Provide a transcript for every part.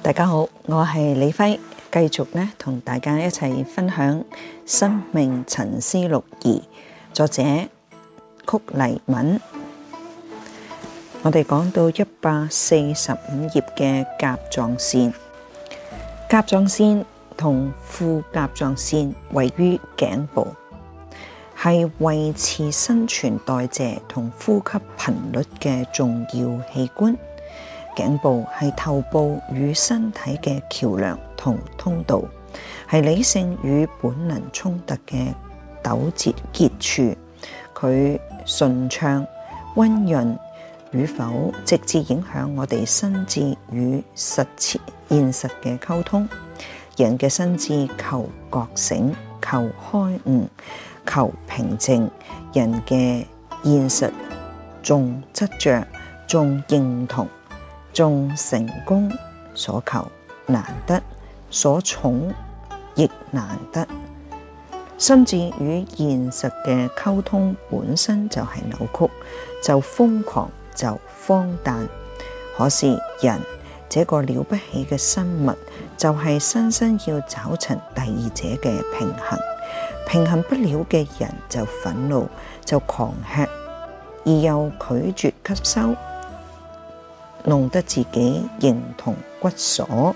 大家好，我係李輝，繼續呢同大家一齊分享《生命沉思錄二》，作者曲黎敏。我哋講到一百四十五頁嘅甲狀腺，甲狀腺同副甲狀腺位於頸部，係維持生存代謝同呼吸頻率嘅重要器官。頸部係頭部與身體嘅橋梁同通道，係理性與本能衝突嘅糾結結處。佢順暢溫潤與否，直接影響我哋心智與實踐現實嘅溝通。人嘅心智求覺醒、求開悟、求平靜，人嘅現實重執着、重認同。仲成功所求難得，所寵亦難得，甚至與現實嘅溝通本身就係扭曲，就瘋狂，就荒誕。可是人這個了不起嘅生物，就係生生要找尋第二者嘅平衡，平衡不了嘅人就憤怒，就狂吃，而又拒絕吸收。弄得自己形同骨鎖。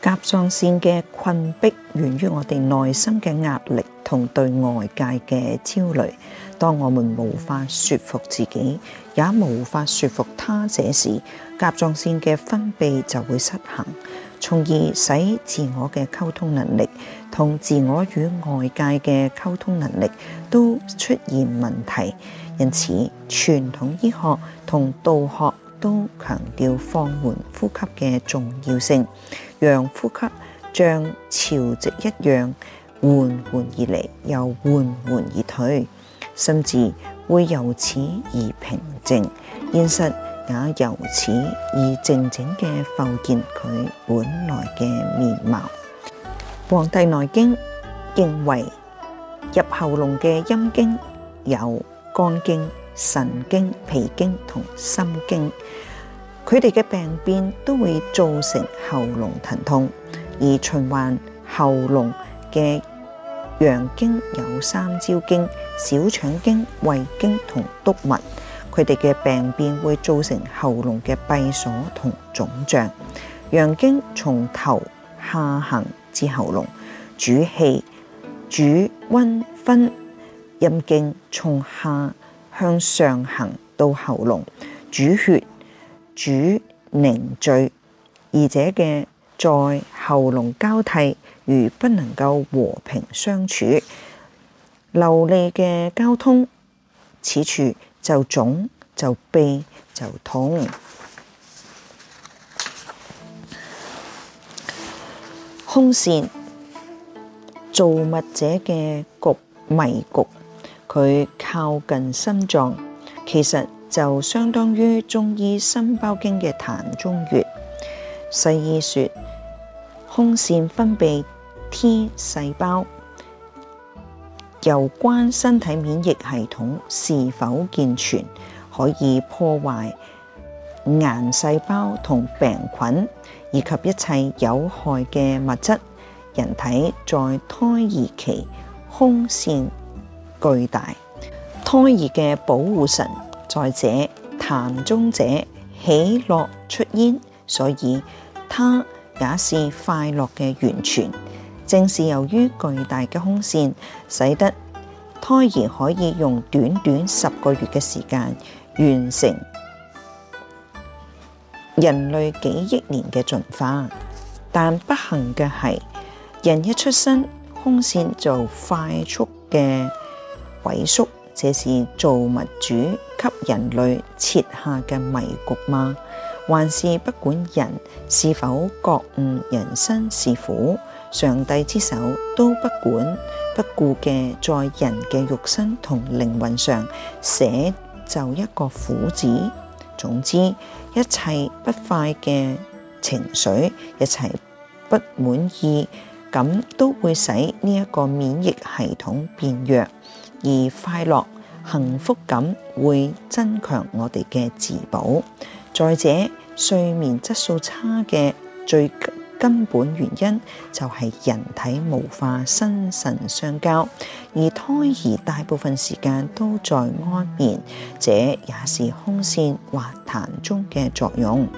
甲狀腺嘅困迫源於我哋內心嘅壓力同對外界嘅焦慮。當我們無法説服自己，也無法説服他者時，甲狀腺嘅分泌就會失衡，從而使自我嘅溝通能力同自我與外界嘅溝通能力都出現問題。因此，傳統醫學同道學都強調放緩呼吸嘅重要性，讓呼吸像潮汐一樣緩緩而來，又緩緩而退，甚至會由此而平靜，現實也由此而靜靜嘅浮現佢本來嘅面貌。《黃帝內經》認為，入喉嚨嘅陰經有肝經、腎經、脾經同心經。佢哋嘅病變都會造成喉嚨疼痛，而循環喉嚨嘅陽經有三焦經、小腸經、胃經同督脈。佢哋嘅病變會造成喉嚨嘅閉鎖同腫脹。陽經從頭下行至喉嚨，主氣、主溫分；陰經從下向上行到喉嚨，主血。主凝聚，二者嘅在喉嚨交替，如不能夠和平相處，流利嘅交通，此處就腫就痹就痛。胸腺造物者嘅局迷局，佢靠近心臟，其實。就相當於中醫心包經嘅膻中穴。西醫說，胸腺分泌 T 細胞，有關身體免疫系統是否健全，可以破壞癌細胞同病菌，以及一切有害嘅物質。人體在胎兒期，胸腺巨大，胎兒嘅保護神。再者，膻中者，喜樂出焉，所以他也是快樂嘅源泉。正是由於巨大嘅胸腺，使得胎兒可以用短短十個月嘅時間完成人類幾億年嘅進化。但不幸嘅係，人一出生，胸腺就快速嘅萎縮，這是造物主。給人類設下嘅迷局嗎？還是不管人是否覺悟人生是苦，上帝之手都不管不顧嘅，在人嘅肉身同靈魂上寫就一個苦字。總之，一切不快嘅情緒，一切不滿意，咁都會使呢一個免疫系統變弱，而快樂。幸福感會增強我哋嘅自保。再者，睡眠質素差嘅最根本原因就係人體無法心神相交，而胎兒大部分時間都在安眠，這也是胸腺或膻中嘅作用。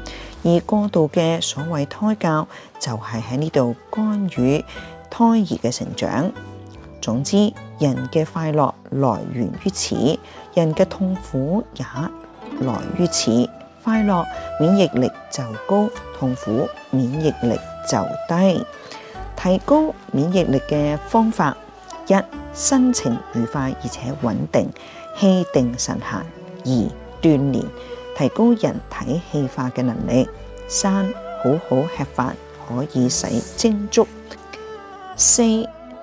而過度嘅所謂胎教就，就係喺呢度干預胎兒嘅成長。總之，人嘅快樂來源於此，人嘅痛苦也來於此。快樂免疫力就高，痛苦免疫力就低。提高免疫力嘅方法：一、心情愉快而且穩定，氣定神閒；二、鍛煉，提高人體氣化嘅能力；三、好好吃飯，可以使精足；四。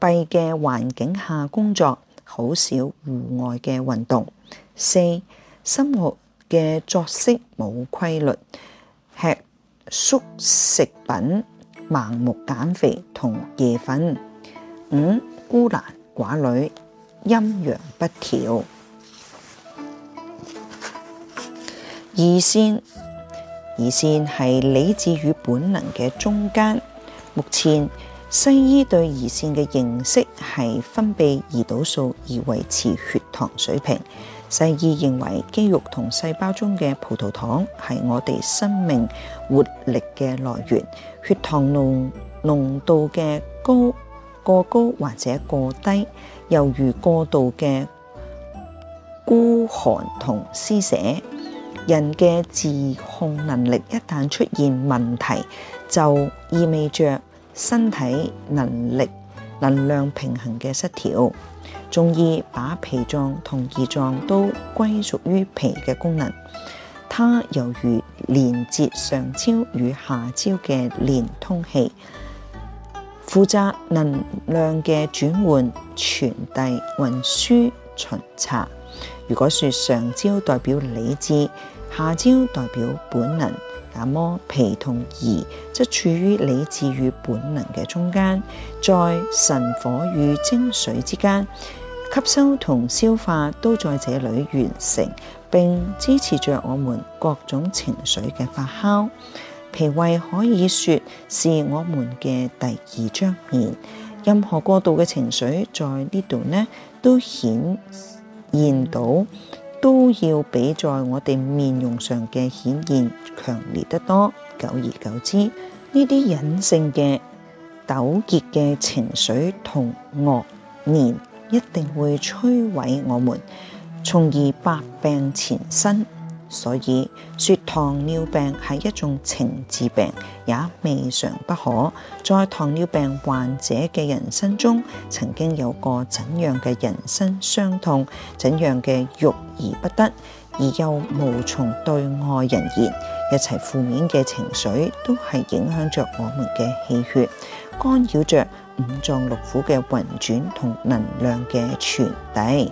閉嘅環境下工作，好少戶外嘅運動。四、生活嘅作息冇規律，吃縮食品，盲目減肥同夜瞓。五、孤男寡女，陰陽不調。二線，二線係理智與本能嘅中間。目前。西醫對胰腺嘅認識係分泌胰島素而維持血糖水平。西醫認為肌肉同細胞中嘅葡萄糖係我哋生命活力嘅來源。血糖濃度嘅高過高或者過低，由於過度嘅孤寒同施捨。人嘅自控能力一旦出現問題，就意味著。身體能力能量平衡嘅失調，中醫把脾臟同胰臟都歸屬於脾嘅功能。它由於連接上焦與下焦嘅連通器，負責能量嘅轉換、傳遞、運輸、巡查。如果說上焦代表理智，下焦代表本能。那麼脾同胰則處於理智與本能嘅中間，在神火與精髓之間，吸收同消化都在這裏完成，並支持着我們各種情緒嘅發酵。脾胃可以說是我們嘅第二張面，任何過度嘅情緒在呢度呢都顯現到。都要比在我哋面容上嘅顯現強烈得多，久而久之，呢啲隱性嘅糾結嘅情緒同惡念，一定會摧毀我們，從而百病纏身。所以，說糖尿病係一種情志病，也未嘗不可。在糖尿病患者嘅人生中，曾經有過怎樣嘅人生傷痛，怎樣嘅欲而不得，而又無從對外人言，一切負面嘅情緒都係影響着我們嘅氣血，干擾着五臟六腑嘅運轉同能量嘅傳遞。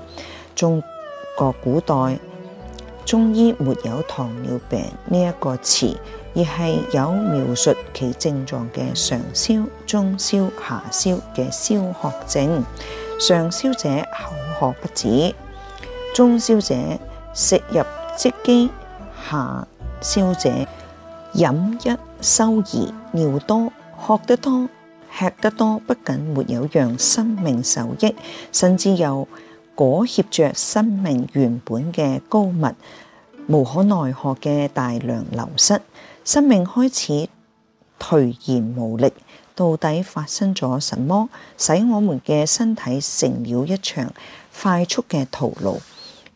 中國古代，中醫沒有糖尿病呢一、這個詞，而係有描述其症狀嘅上消、中消、下消嘅消渴症。上消者口渴不止，中消者食入即飢，下消者飲一收二尿多，喝得多，吃得多，不僅沒有讓生命受益，甚至有。裹挾着生命原本嘅高密，無可奈何嘅大量流失，生命開始頹然無力。到底發生咗什麼，使我們嘅身體成了一場快速嘅徒勞，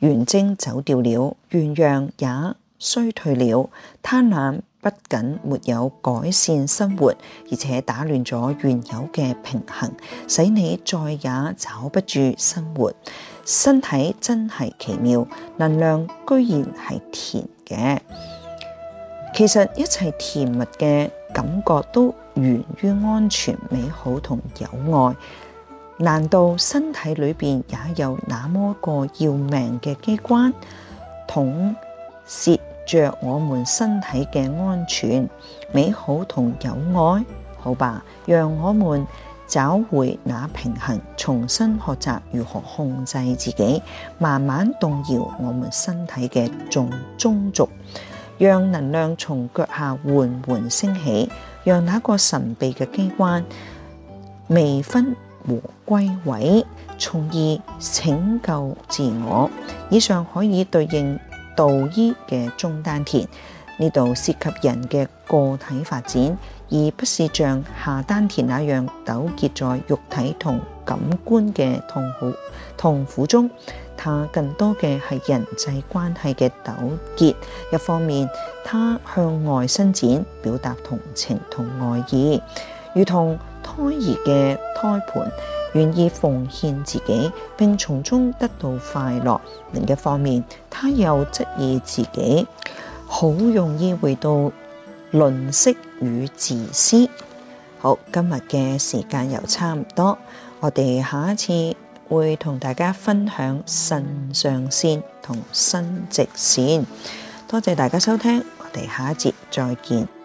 元精走掉了，元陽也衰退了，貪婪。不僅沒有改善生活，而且打亂咗原有嘅平衡，使你再也找不住生活。身體真係奇妙，能量居然係甜嘅。其實一切甜蜜嘅感覺都源於安全、美好同友愛。難道身體裏邊也有那麼個要命嘅機關？統攝。着我們身體嘅安全、美好同友愛，好吧，讓我們找回那平衡，重新學習如何控制自己，慢慢動搖我們身體嘅重中軸，讓能量從腳下緩緩升起，讓那個神秘嘅機關微分和歸位，從而拯救自我。以上可以對應。道醫嘅中丹田呢度，涉及人嘅個體發展，而不是像下丹田那樣糾結在肉體同感官嘅痛苦痛苦中。它更多嘅係人際關係嘅糾結。一方面，它向外伸展，表達同情同愛意，如同胎兒嘅胎盤。願意奉獻自己，並從中得到快樂。另一方面，他又質疑自己，好容易回到吝嗇與自私。好，今日嘅時間又差唔多，我哋下一次會同大家分享腎上腺同生殖腺。多謝大家收聽，我哋下一節再見。